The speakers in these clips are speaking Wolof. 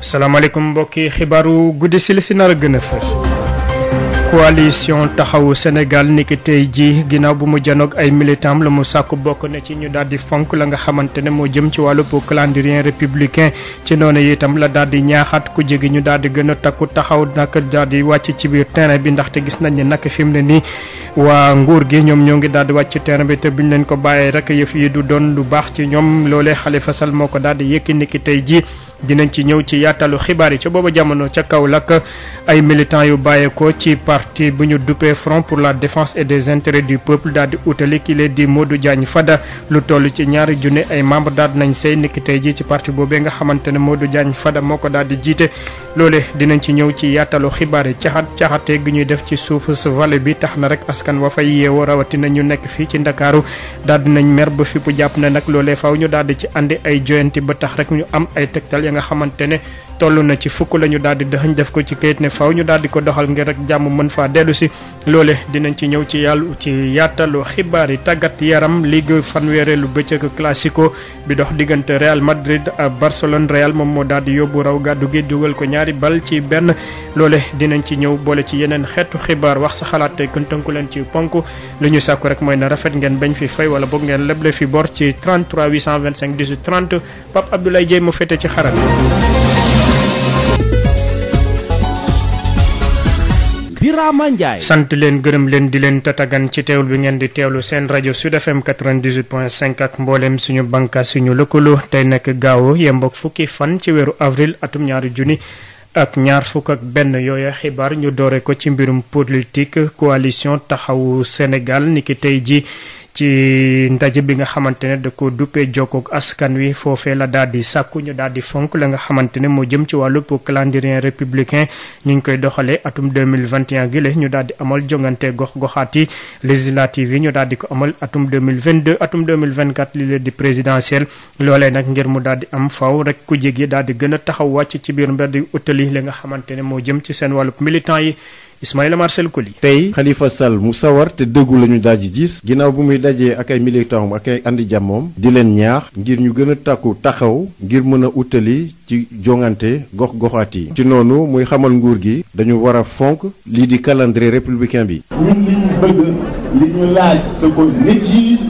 salaamaaleykum mbokki xibaaru guddi si li si nar a gën a fës. coalition taxawu senegal niki tey jii ginnaaw bu mu janoog ay militant la mu sàkk bokk na ci ñu daal di fonk la nga xamante ne moo jëm ci wàllu calendrier républicain ci noonu itam la daal di ñaaxaat ku jege ñu daal di gën a takku taxaw nag daal di wàcc ci biir terrain bi ndaxte gis nañ ne nag fi mu ne nii waa nguur gi ñoom ñoo ngi daal di wàcc terrain bi te bu ñu leen ko bàyyee rek yëf yi du doon lu baax ci ñoom loolee Khalifa Sall moo ko daal di yëkki niki tey jii. dinañ ci ñëw ci yaatalu xibaar yi ca booba jamono ca Kaolack ay militants yu bàyyeekoo ci parti bu ñu duppee Front pour la défense et des intérêts du peuple daal utali ki leen di Modou Diagne Fada lu toll ci ñaari junne ay membre daal nañ sey niki tey jii ci parti boobee nga xamante ne Modou Diagne Fada moo ko daal di jiite. loole dinañ ci ñëw ci yaatalu xibaar yi caxat caxate gi ñuy def ci suuf sa vallée bi tax na rek askan wa fay yeewoo rawatina ñu nekk fii ci Ndakaaru daal dinañ mer ba fippu jàpp na nag loolee faw ñu daal di ci andi ay joyanti ba tax rek ñu am ay tegtal ya nga xamante ne toll na ci fukk la ñu daal di dëxëñ def ko ci kayit ne faw ñu daal di ko doxal ngir rek jàmm mën faa dellu si loole dinañ ci ñëw ci yàlla ci yaatalu xibaar yi tàggat yaram ligue fanweereelu bëccëg classico bi dox diggante Real Madrid ak Barcelone Real moom moo daal yóbbu raw gàddu gi dugal ko ñaari bal ci benn loole dinañ ci ñëw boole ci yeneen xeetu xibaar wax sa xalaat tey kon tënku leen ci ponk li ñu sàkku rek mooy na rafet ngeen bañ fi fay wala boog ngeen leble fi bor ci 33 825 18 30 Pape Abdoulaye Dieye mu féete ci xaral Birama Ndiaye sant leen gërëm leen di leen tatagan ci teewlu bi ngeen di teewlu seen rajo Sud FM 98.5 ak mboolem suñu bànqaas suñu lëkkaloo tey nag gaaw yemboog fukki fan ci weeru avril atum ñaar fukk ak benn yooya xibaar ñu doore ko ci mbirum politique coalition taxawu senegal niki tey ji ci ndaje bi nga xamante ne da ko duppee jokkoog askan wi foofee la daal di sàkku ñu daal di fonk la nga xamante ne moo jëm ci wàllu calendrier républicain ñu ngi koy doxalee atum 2021 gi la ñu daal di amal jongante gox goxaat yi législative yi ñu daal di ko amal atum mille 2022 atum 2024 li leen di présidentiel loolee nag ngir mu daal di am faw rek ku jég yi daal di gën a taxaw wàcc ci biir di utali li nga xamante ne moo jëm ci seen wàllub militant yi Ismaïla Marcel Coly tey Khalifa Sall mu sawar te dëggu la ñu daaji gis ginnaaw bu muy dajee ak ay militantam ak ay andi jàmmoom di leen ñaax ngir ñu gën a takku taxaw ngir mën a utali ci jongante gox goxaat yi ci noonu muy xamal nguur gi dañu war a fonk lii di calendrier républicain bi ñun li bëgg li ñu laaj ko nit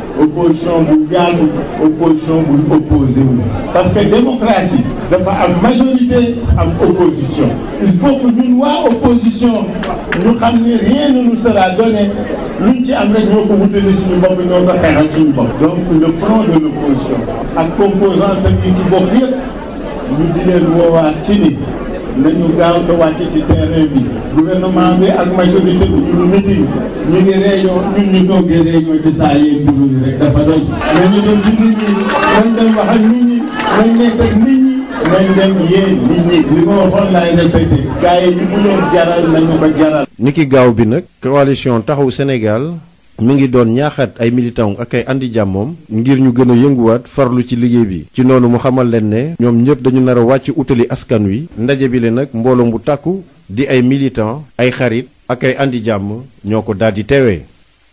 opposition bu yaatu opposition buy opposé wu parce que démocratie dafa am majorité am opposition il faut que ñun waa opposition ñu xam ni rien ne nous sera donné luñ ci am rek ñoo ko wutale suñu bopp ñoo ko xeexal suñu bopp donc le front de l'opposition ak composante yi ci bopp yëpp ñu di leen woowaat ci ni nañu gaaw te wàcc ci terrain bi gouvernement bi ak majorité bi ñu meeting ñu ngi réunion ñun ñu toogee réunion ci saa yeeg bureau yi rek dafa doy. nañu dem ci ñi nañ dem wax ak nit ñi nañ dem yéen nit ñi. li ma waxoon laay répété. gars yi ñu leen jaral nañu ko jaral. niki gaaw bi nag. coalition taxawu Sénégal. mu ngi doon ñaaxaat ay militant ak ay indi jàmmoom ngir ñu gën a yënguwaat farlu ci liggéey bi ci noonu mu xamal leen ne ñoom ñëpp dañu nar a wàcc utali askan wi ndaje bi le nag mbooloo mu tàkku di ay militant ay xarit ak ay andi jàmm ñoo ko daal di teewee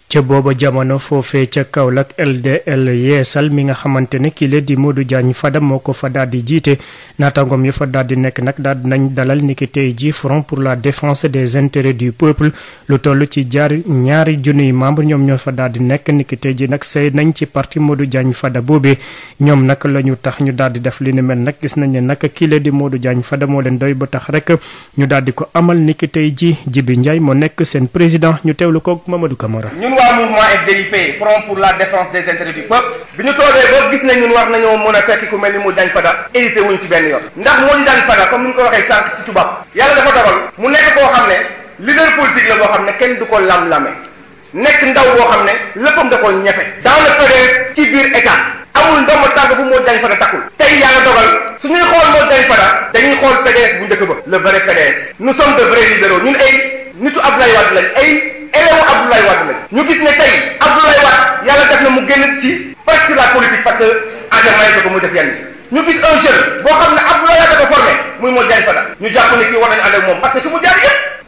ca booba jamono foofee ca Kaolack LDL yeesal mi nga xamante ne kile di Modou Diagne Fada moo ko fa daal di jiite naataangoom ya fa daal di nekk nag daal nañ dalal niki tey ji front pour la défense des intérêts du peuple lu toll ci jaar ñaari junniy membre ñoom ñoo fa daldi nekk niki ji nag say nañ ci parti Modou Diagne Fada boobee ñoom nag la ñu tax ñu daal di def li ne mel nag gis nañ ne nag kile di Modou Diagne Fada moo leen doy ba tax rek ñu daal di ko amal niki tey ji Jibi Ndiaye moo nekk seen président ñu teewlu ko Mamadou Camara trois pour la défense des intérêts du peuple ñu toogee boo gis nañ ñun war nañoo mën a fekk ku mel ni mu dañ fada hésité wuñ ci benn yoon ndax moo di dañ fada comme ni ñu ko waxee sànq ci tubaab yàlla dafa dogal mu nekk koo xam ne leader politique la boo xam ne kenn du ko lam-lame nekk ndaw boo xam ne léppam da ko ñefe dans le PDS ci biir état amul ndomba tànk bu moo dañ fada takkul tey yàlla dogal su ñuy xool moo dañ fada dañuy xool PDS le vrai PDS nous sommes de vrais libéraux ñun ay nitu ay élève Abdoulaye ñu gis ne tey Abdoulaye Wade yàlla def na mu génn ci presque la politique parce que engrais ko ba def yenn ñu gis un jeune boo xam ne Abdoulaye Wade ko formé muy moo jaay fada ñu jàpp ne kii war nañu ànd parce que fi mu jaar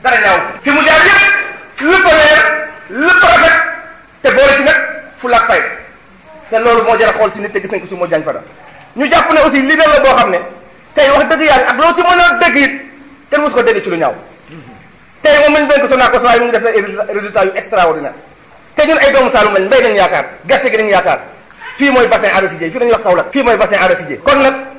dara ñaaw fi mu jaar yëpp lépp a leer lépp a rafet te loolu moo jar a xool si nit te gis nañ ko ci moo jaay fada ñu jàpp ne aussi leader la boo xam ne tey wax dëgg yàlla ak loo ci mën a dégg it kenn mosu ko dégg ci lu ñaaw tey moom la ñu dénk Sonacos waaye def ay résultats yu extraordinaire te ñun ay doomu Saalum lañ mbéy nañu yaakaar gerte gi nañu yaakaar fii mooy bassin arachidier fii la ñuy wax Kaolack mooy bassin arachidier kon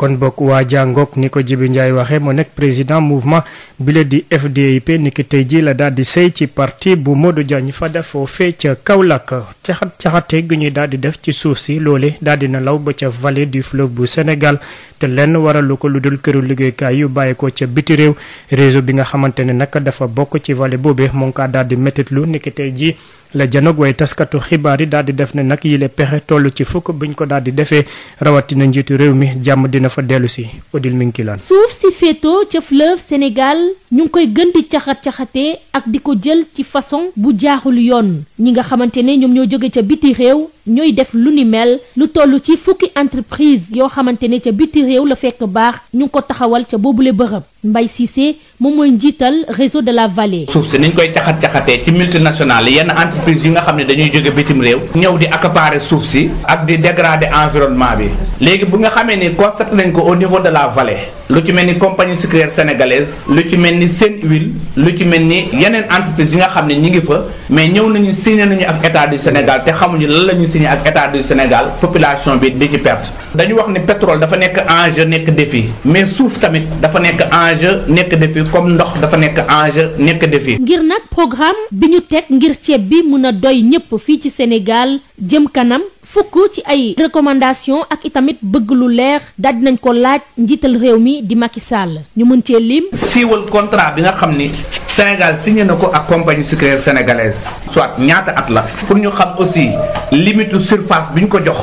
kon bokk waa jàngook ni ko Jibi Ndiaye waxee moo nekk président mouvement bile di FDIP ni ki tey ji la daal di sëy ci parti bu Modou Diagne Fada foofee ca Kaolack caxat caxate gu ñuy daal di def ci suuf si loole daal di na law ba ca vallée du fleuve bu Sénégal te lenn waralu ko lu dul këru liggéeykaay yu bàyyi ko ca biti réew réseau bi nga xamante ne nag dafa bokk ci vallée boobee moo ngi kaa daal di métitlu ni tey ji la janoog way taskatu xibaar yi daal di def na nag yile pexe toll ci fukk buñ ko daal di defee rawatina njiitu réew mi jàmm dina dafa dellu si Odile suuf si féetoo ca fleuve Sénégal ñu ngi koy gën di caxat-caxatee ak di ko jël ci façon bu jaaxul yoon ñi nga xamante ne ñoom ñoo jóge ca biti réew ñooy def lu ni mel lu toll ci fukki entreprise yoo xamante ne ca biti réew la fekk baax ñu ngi ko taxawal ca boobu boobule bërëb mbay Mbaye Cissé moom mooy njiital réseau de la vallée. suuf si niñ koy caxat caxatee ci multinationales yi yenn entreprise yi nga xam ne dañuy jóge bitim réew. ñëw di accaparer suuf si. ak di dégrader environnement bi. léegi bu nga xamee ni constaté nañ ko au niveau de la vallée. lu ci mel ni compagnie sucrière sénégalaise lu ci mel ni seen Senhuile lu ci mel ni yeneen entreprise yi nga xam ne ñi ngi fa mais ñëw nañu signé nañu ak état du Sénégal te xamuñu lan la ñu signé ak état du Sénégal population bi di ci perte dañu wax ni pétrole dafa nekk enjeu nekk défi mais suuf tamit dafa nekk enjeu nekk défi comme ndox dafa nekk enjeu nekk défi ngir nag programme bi ñu teg ngir ceeb bi mun a doy ñëpp fii ci Sénégal jëm kanam fukk ci ay recommandation ak itamit bëgg lu leer daj dinañ ko laaj njiital réew mi di Macky Sall ñu mën cee lim. siiwal contrat bi nga xam ni Sénégal signé na ko ak compagnie sucrière sénégalaise soit ñaata at la pour ñu xam aussi limitu surface bi ñu ko jox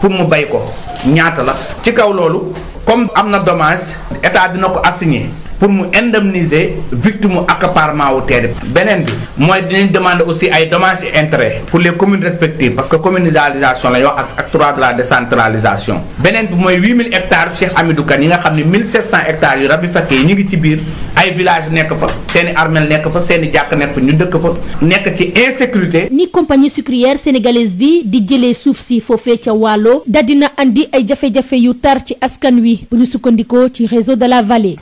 pour mu bay ko ñaata la ci kaw loolu comme am na dommage état dina ko assigné. pour mu indemniser victime accaparement wu terre beneen bi mooy dinañ demande aussi ay dommages et intérêts pour les commune respectives parce que communalisation la ñu wax ak trois de la décentralisation beneen bi mooy 8000 hectares Cheikh Hamidou Kane yi nga xam ne 1700 hectares yu rabi fekkee ñu ngi ci biir ay village nekk fa seeni armel nekk fa seeni jàkk nekk fa ñu dëkk fa nekk ci insécurité ni compagnie sucrière sénégalaise bi di jëlee suuf si foofee ca Waalo da dina andi ay jafe yu tar ci askan wi bu sukkandikoo ci réseau de la vallée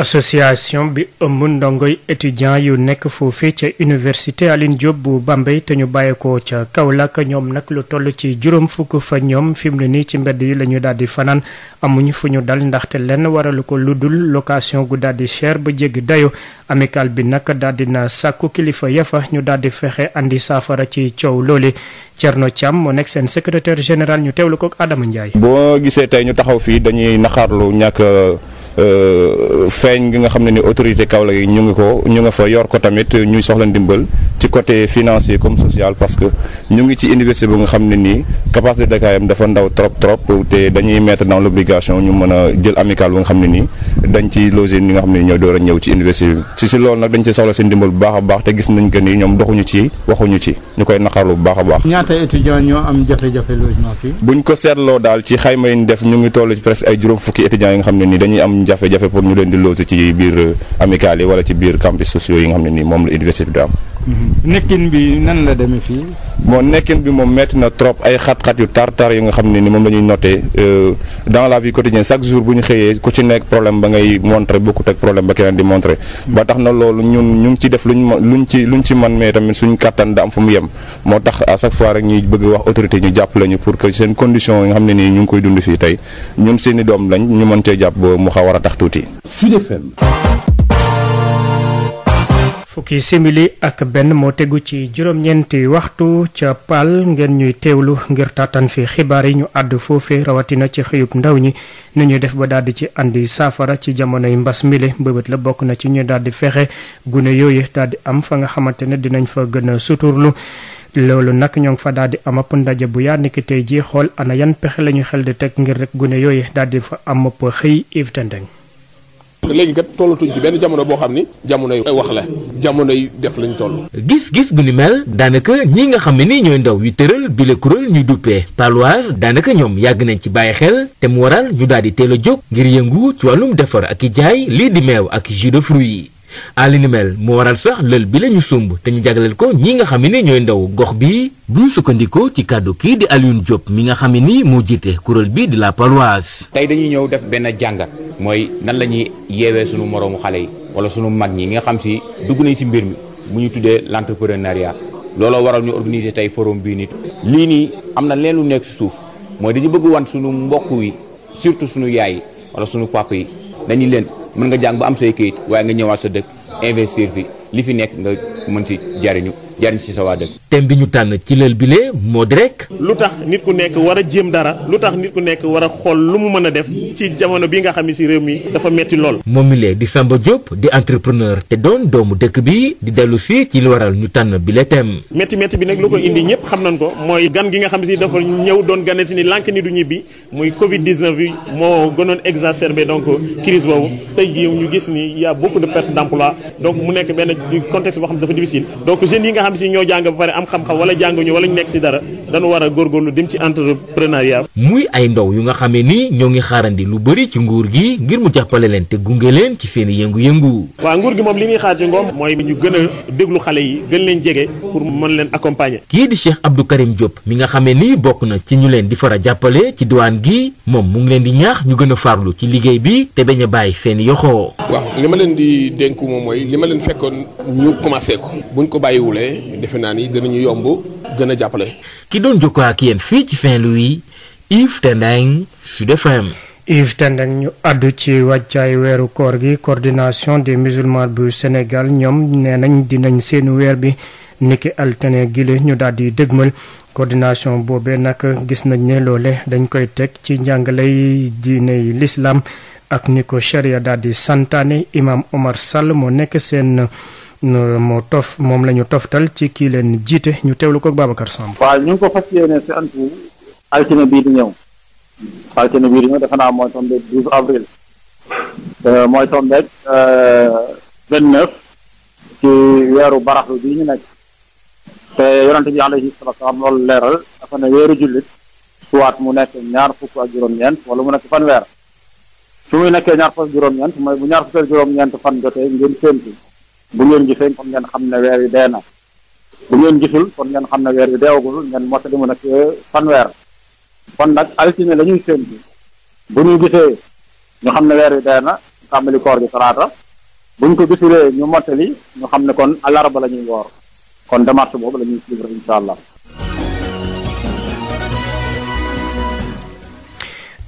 association bi ëmb ndongoy étudiant yu nekk foofee ca université Alioune Diop bu Bambey te ñu bàyyeekoo ca Kaolack ñoom nag lu toll ci juróom fukk fa ñoom fi mu ne nii ci mbedd yi la ñu daal di fanaan amuñu fu ñu dal ndaxte lenn waralu ko lu dul location gu daal di cher ba jéggi dayo amical bi nag daal di na sàkku kilifa yafa ñu daal di fexe indi saafara ci coow loole Thierno Thiam moo nekk seen secrétaire général ñu teewlu ko Adama Ndiaye. boo gisee tey ñu taxaw fii dañuy feeñ gi nga xam ne ni autorité Kaolack yi ñu ngi ko ñu nga fa yor ko tamit ñuy soxla ndimbal ci côté financier comme social parce que ñu ngi ci université bu nga xam ne nii capacité d'accueil dafa ndaw trop trop te dañuy mettre dans l'obligation ñu mën a jël amical bu nga xam ne nii dañ ci loger ñi nga xam ne ñooy door ñëw ci université bi ci si loolu nag dañ ci soxla seen baax a baax te gis nañ que nii ñoom doxuñu ñu koy naqarlu bu baax a baax. ñaata étudiants jafe-jafe logement fii. buñ ko daal ci xayma yi ñu def ñu ngi toll ci presque ay juróom fukki étudiants yi nga xam ne nii dañuy am jafe-jafe pour ñu leen di loger ci biir euh, amicale yi wala ci biir campus sociaux yi nga xam ne nii moom la université bi di am nekkin bi nan la demee fii. bon nekkin bi moom metti na trop ay xat-xat yu tar tar yu nga xam ne ni moom la ñuy noté euh, dans la vie quotidienne chaque jour bu ñu xëyee ku ci nekk problème ba ngay montré bokkut ak problème ba keneen di montré. ba tax na loolu ñun ñu ngi ci def lu ñu ci luñ ci man mais tamit suñ kàttan da am fu mu yem moo tax a chaque fois rek ñuy bëgg wax autorité ñu jàppale ñu pour que seen condition yi nga xam ne nii ñu ngi koy dund fii tey ñun seeni doom lañ ñu mën cee jàpp ba mu xaw war a tax tuuti. fukki simili ak benn moo tegu ci juróom-ñeenti waxtu ca pal ngeen ñuy teewlu ngir taataan fi xibaar yi ñu àdd foofe rawatina ci xëyub ndaw ñi ni ñuy def ba daldi ci andi saafara ci jamonoy mbas mile mbëbët la bokk na ci ñu daldi fexe gune yooyu daldi am fa nga xamante ne dinañ fa gën a suturlu loolu nag ñoo ngi fa daal di am ab ndaje bu yaa niki tey jii xool ana yan pexe la ñu xel di teg ngir rek gune yooyu daal di fa am ab xëy Yves Tendeng léegi kat tollatuñ ci benn jamono boo xam ni jamonoy wax la jamonoy def lañ toll. gis-gis bu ni mel daanaka ñi nga xam ne ni ñooy ndaw yu tëral bi la kuréel ñu duppee Paloise daanaka ñoom yàgg nañ ci bàyyi xel te mu waral ñu daal di teel a jóg ngir yëngu ci wàllum defar ak i jaay lii di meew ak i de fruits yi. à li ni moo waral sax lël bi la ñu sumb te ñu jagleel ko ñi nga xam ne ñooy ndaw gox bi bu ñu sukkandikoo ci kàddu kii di Alioune Diop mi nga xam ni moo jiite kuréel bi di la paroisse. tey dañuy ñëw def benn jàngat mooy nan la ñuy yeewee sunu moroomu xale yi wala sunu mag ñi nga xam si dugg nañ si mbir mi mu ñu tuddee l' entrepreneuriat looloo waral ñu organiser tey forum bii nit lii nii am na leen lu nekk si suuf mooy dañu bëgg wan sunu mbokk wi surtout sunu yaay wala sunu papa yi mën nga jàng ba am say kayit waaye nga ñëwaat sa dëkk investir fi li fi nekk nga mën ci jariñu jariñ si sa waa bi ñu tànn ci lël bi lee moo di rek. lu tax nit ku nekk war a jéem dara lu tax nit ku nekk war a xool lu mu mën a def ci jamono bi nga xam ne si réew mi dafa metti lool. moom mi lee di Samba Diop di entrepreneur te doon doomu dëkk bi di dellu si ci li waral ñu tànn bi lee thème. métti bi nag lu ko indi ñëpp xam nañ ko mooy gan gi nga xam si dafa ñëw doon gane si ni lànk ni du ñibbi muy Covid 19 bi moo gënoon exacerbé donc crise boobu te jii ñu gis ni y' a beaucoup de perte d' emploi donc mu nekk benn contexte boo xam dafa difficile donc jeunes yi nga xam si ñoo a góorgóorlu dem ci entrepreneuriat. muy ay ndaw yu nga xamee ni ñoo ngi xaarandi lu bëri ci nguur gi ngir mu jàppale leen te gunge leen ci seen yëngu-yëngu. waaw nguur gi moom li ñuy xaar ci ngoom mooy ñu gën a déglu xale yi gën leen jege pour mën leen accompagner. kii di Cheikh Abdou Karim Diop mi nga xamee ni bokk na ci ñu leen di fara jàppale ci diwaan gi moom mu ngi leen di ñaax ñu gën a farlu ci liggéey bi te bañ a bàyyi seen yoxoo. waaw li ma leen di dénku moom mooy li ma leen fekkoon ñu amee defe naa ni dinañu yomb gën a jàppale. ki doon jokkoo ak yéen fii ci Saint-Louis Yves Tendeng Sud FM. Yves Tendeng ñu àddu ci wàccaay weeru koor gi cordination des musulmans bu senegal ñoom nee nañ dinañ seen weer bi niki altine gile ñu daal di dëgmal. cordination boobe nag gis nañ ne loole dañ koy teg ci njàngaley diiney lislaam ak ni ko charia daal di santaane imaam Omar Sall moo nekk seen moo tof moom lañu ñu toftal ci kii leen jiite ñu teewlu ko Babacar Samb. waaye ñu ngi ko fas yéene si antu altine bii di ñëw altine bii di ñëw defe naa mooy tombe 12 avril euh, mooy tombe euh, 29 ci weeru baraxlu bii ñu nekk te yonente bi alayhi salaatu wa salaam loolu leeral dafa ne mu nekk ñaar fukk ak juróom-ñeent wala mu nekk fanweer su muy nekkee ñaar fukk ak juróom-ñeent mooy bu ñaar fukk ak juróom-ñeent fan jotee ngeen séentu bu ngeen gisee kon ngeen xam ne weer wi dee na bu ngeen gisul kon ngeen xam ne weer wi deewagul ngeen motteli mu nag euh, fanweer kon nag altine la ñuy séntu bu ñu gisee ñu xam ne weer wi dee na tàmbali koor gi talaata bu ñu ko gisulee ñu mottali ñu xam ne kon alarba la ñuy woor kon démarche boobu la ñuy suivre incha allah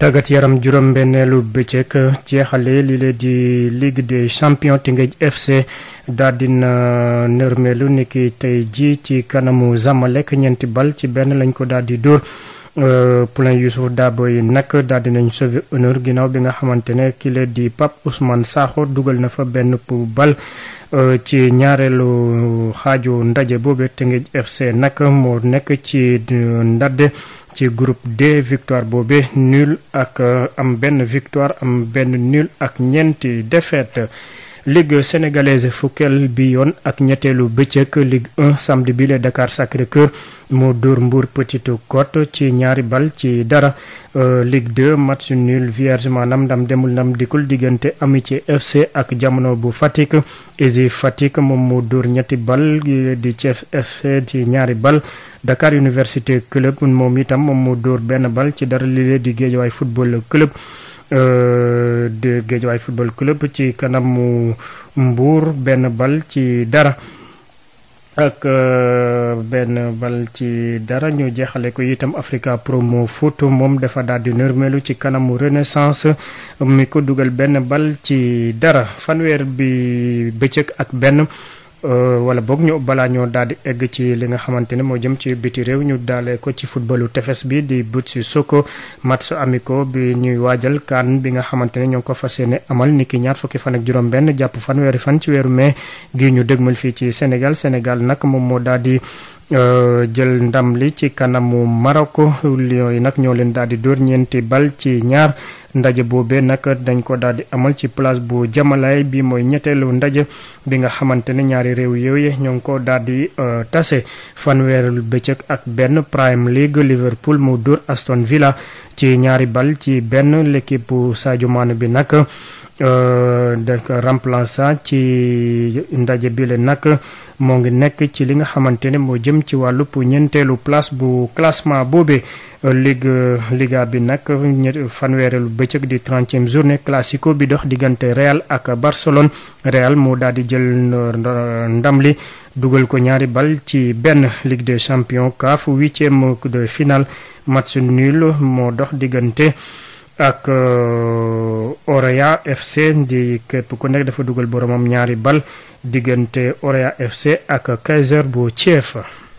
tàggat yaram juróom-benneelu bëccëg jeexale li leen di Ligue des champions Teungueth FC daal dina nërmeelu niki tey ji ci kanamu Zamalek ñeenti bal ci benn lañ ko daal di dóor euh, poulain Youssouf Dabo yi nag daal nañu sauver honneur ginnaaw bi nga xamante ne ki leen di Pape Ousmane Sakho dugal na fa benn pour bal euh, ci ñaareelu xaaju ndaje boobe Teungueth FC nag moo nekk ci euh, ndadde ci groupe D victoire boobee nul ak euh, am benn victoire am benn nul ak ñeenti défaite ligue sénégalaise fukkeel bi yoon ak ñetteelu bëccëg ligue 1 samedi bi la Dakar Sacré-Cœur moo dóor Mbour Petite Côte ci ñaari bal ci dara euh, ligue 2 match nul vierge ndam demul ndam dikul diggante Amitié FC ak jamono bu Fatick Ezi Fatick moom moo dóor ñetti bal di Thiès FC ci ñaari bal Dakar Université Club moom itam moom moo dóor benn bal ci dara li di Guédiawaye Football Club Euh, de Guédiawaye football club ci kanamu Mbour benn bal ci dara. ak euh, benn bal ci dara ñu jeexale ko itam Africa Promo Foot moom dafa daal di ci kanamu Renaissance mi ko dugal benn bal ci dara fanweer bi bëccëg ak benn. Euh, wala boog ñëw balaa ñoo daal di egg ci li nga xamante ne moo jëm ci biti réew ñu daale ko ci footballu tefes bi di but si Soko match amiko bi ñuy waajal kaan bi nga xamante ne ñoo ko fas yéene amal ki ñaar fukki fan ak juróom-benn jàpp fanweeri fan ci weeru mai gi ñu dëgmal fii ci Sénégal Sénégal nag moom moo daal di. Euh, jël ndam li ci kanamu Maroc yooyu nag ñoo leen daal di dóor ñeenti bal ci ñaar ndaje boobee nag dañ ko daal amal ci place bu jamalaay bi mooy ñetteelu ndaje bi nga xamante ne ñaari réew yooyu ñoo ngi ko daal di euh, tase fanweeri bëccëg ak benn Prime League Liverpool mu dóor Aston Villa ci ñaari bal ci benn l'équipe bu Sadio Mané bi nag. Euh, donc remplaçant ci ndaje bi le nag moo ngi nekk ci li nga xamante ne moo jëm ci wàllu ñeenteelu place bu classement boobe ligue liga bi nag fanweereelu bëccëg di trentième journée classico bi dox diggante Real ak Barcelone Real moo daal di jël ndam li dugal ko ñaari bal ci benn Ligue de champion CAF huitième de finale match nul moo dox diggante. ak euh, Orea FC di képp ku nekk dafa dugal boromam ñaari bal diggante Orea FC ak Kaiser bu Thiès.